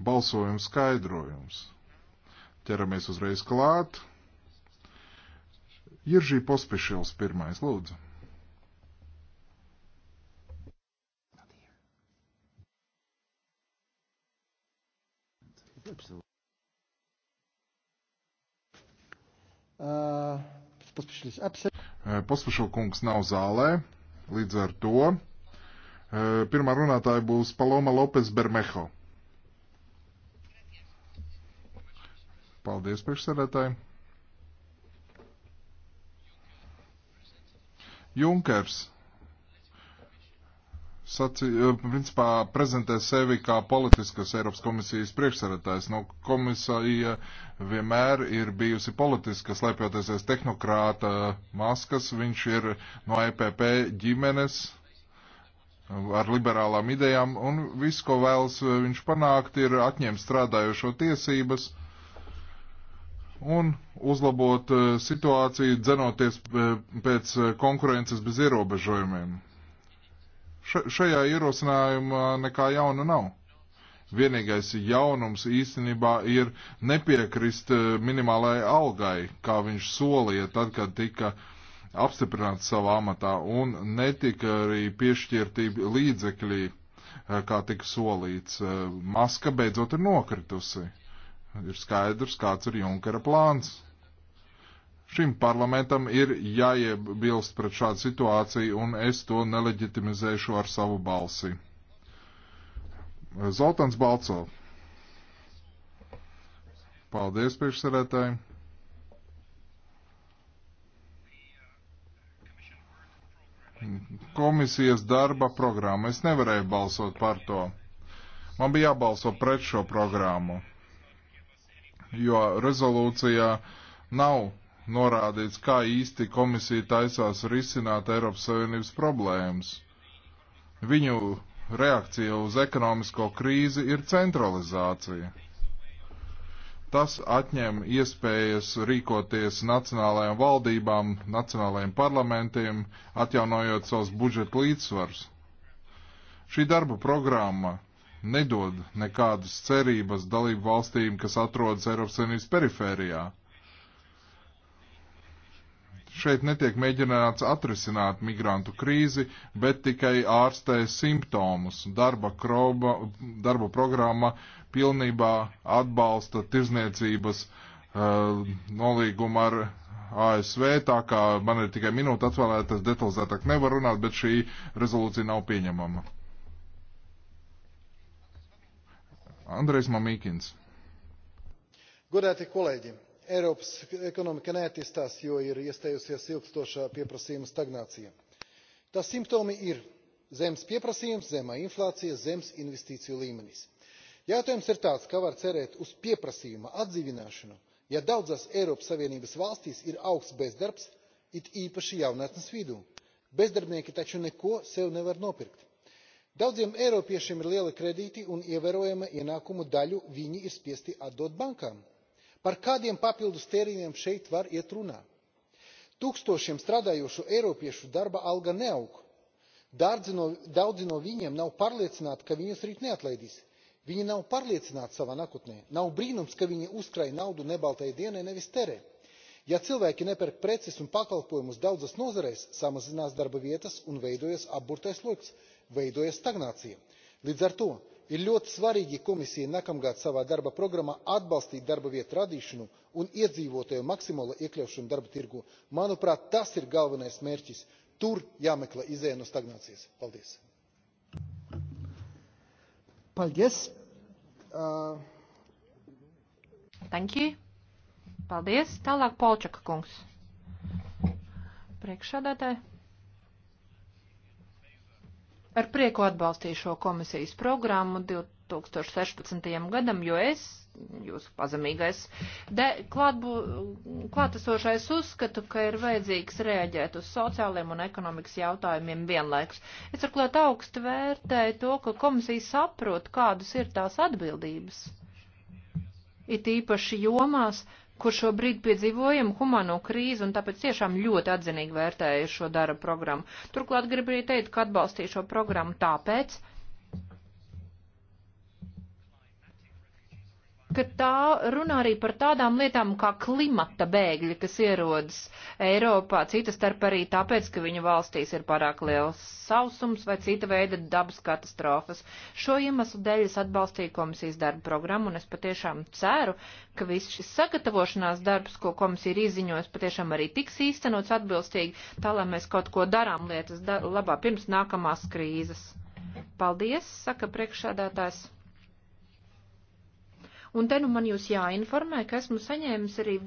balsojuma skaidrojums. Ķeramies uzreiz klāt. Jiržī Pospišils pirmais, lūdzu. Uh, Pospišila kungs nav zālē, līdz ar to uh, pirmā runātāja būs Paloma Lopes Bermeho. Paldies, priekšsēdētāji. Junkers saci, eh, principā prezentē sevi kā politiskas Eiropas komisijas priekšsarētājs. Nu, komisija vienmēr ir bijusi politiska, slēpjoties aiz tehnokrāta maskas. Viņš ir no EPP ģimenes ar liberālām idejām, un viss, ko vēlas eh, viņš panākt, ir atņemt strādājošo tiesības un uzlabot eh, situāciju, dzenoties eh, pēc eh, konkurences bez ierobežojumiem. Šajā ierosinājumā nekā jauna nav. Vienīgais jaunums īstenībā ir nepiekrist minimālajai algai, kā viņš solīja tad, kad tika apstiprināts savā amatā, un netika arī piešķirti līdzekļi, kā tika solīts. Maska beidzot ir nokritusi ir skaidrs, kāds ir Junkera plāns. Šim parlamentam ir jāiebilst pret šādu situāciju, un es to neleģitimizēšu ar savu balsi. Zoltans Balco. Paldies, priekšsarētāji. Komisijas darba programma. Es nevarēju balsot par to. Man bija jābalso pret šo programmu jo rezolūcijā nav norādīts, kā īsti komisija taisās risināt Eiropas Savienības problēmas. Viņu reakcija uz ekonomisko krīzi ir centralizācija. Tas atņem iespējas rīkoties nacionālajām valdībām, nacionālajiem parlamentiem, atjaunojot savus budžeta līdzsvarus. Šī darba programma nedod nekādas cerības dalību valstīm, kas atrodas Eiropas Savienības perifērijā. Šeit netiek mēģināts atrisināt migrantu krīzi, bet tikai ārstē simptomus. Darba, kroba, darba programma pilnībā atbalsta tirzniecības uh, nolīgumu ar ASV, tā kā man ir tikai minūte atvēlēta, es detalizētāk nevaru runāt, bet šī rezolūcija nav pieņemama. Andrejs Mamīkins. Godēti kolēģi, Eiropas ekonomika neattīstās, jo ir iestājusies ilgstošā pieprasījuma stagnācija. Tā simptomi ir zemes pieprasījums, zemā inflācija, zemes investīciju līmenis. Jautājums ir tāds, kā var cerēt uz pieprasījuma atdzīvināšanu, ja daudzās Eiropas Savienības valstīs ir augsts bezdarbs, it īpaši jaunatnes vidū. Bezdarbnieki taču neko sev nevar nopirkt daudziem eiropiešiem ir lieli kredīti un ievērojama ienākumu daļu viņi ir spiesti atdot bankām. par kādiem papildus tēriņiem šeit var iet runa? tūkstošiem strādājošo eiropiešu darba alga neaug. daudzi no viņiem nav pārliecināti ka viņus rīt neatlaidīs. viņi nav pārliecināti savā nākotnē. nav brīnums ka viņi uzkrāj naudu nebaltai dienai nevis tērē ja cilvēki nepērk preces un pakalpojumus daudzās nozarēs samazinās darba vietas un veidojas apburtais loks veidojas stagnācija. līdz ar to ir ļoti svarīgi ja komisija nākamgad savā darba programmā atbalstīs darba vietu radīšanu un iedzīvotāju maksimālo iekļaušanu darba tirgū. manuprāt tas ir galvenais mērķis tur jāmeklē izeja no stagnācijas. paldies! Paldies! Uh... Thank you. Paldies. Tālāk Polčaka kungs. Priekšsādātāji. Ar prieku atbalstīju šo komisijas programmu 2016. gadam, jo es, jūsu pazemīgais, de, klātbū, klātesošais uzskatu, ka ir vajadzīgs reaģēt uz sociāliem un ekonomikas jautājumiem vienlaikus. Es ar klāt augstu vērtēju to, ka komisija saprot, kādas ir tās atbildības. It īpaši jomās, kur šobrīd piedzīvojam humano krīzi, un tāpēc tiešām ļoti atzinīgi vērtēju šo darba programmu. Turklāt gribu arī teikt, ka atbalstīju šo programmu tāpēc, ka tā runā arī par tādām lietām kā klimata bēgļi, kas ierodas Eiropā, citas starp arī tāpēc, ka viņu valstīs ir pārāk liels sausums vai cita veida dabas katastrofas. Šo iemeslu dēļ es atbalstīju komisijas darbu programmu un es patiešām ceru, ka viss šis sagatavošanās darbs, ko komisija ir izziņojusi, patiešām arī tiks īstenots atbilstīgi, tā lai mēs kaut ko darām lietas labā pirms nākamās krīzes. Paldies, saka priekšsādātājs. Un te nu man jūs jāinformē, ka esmu saņēmis arī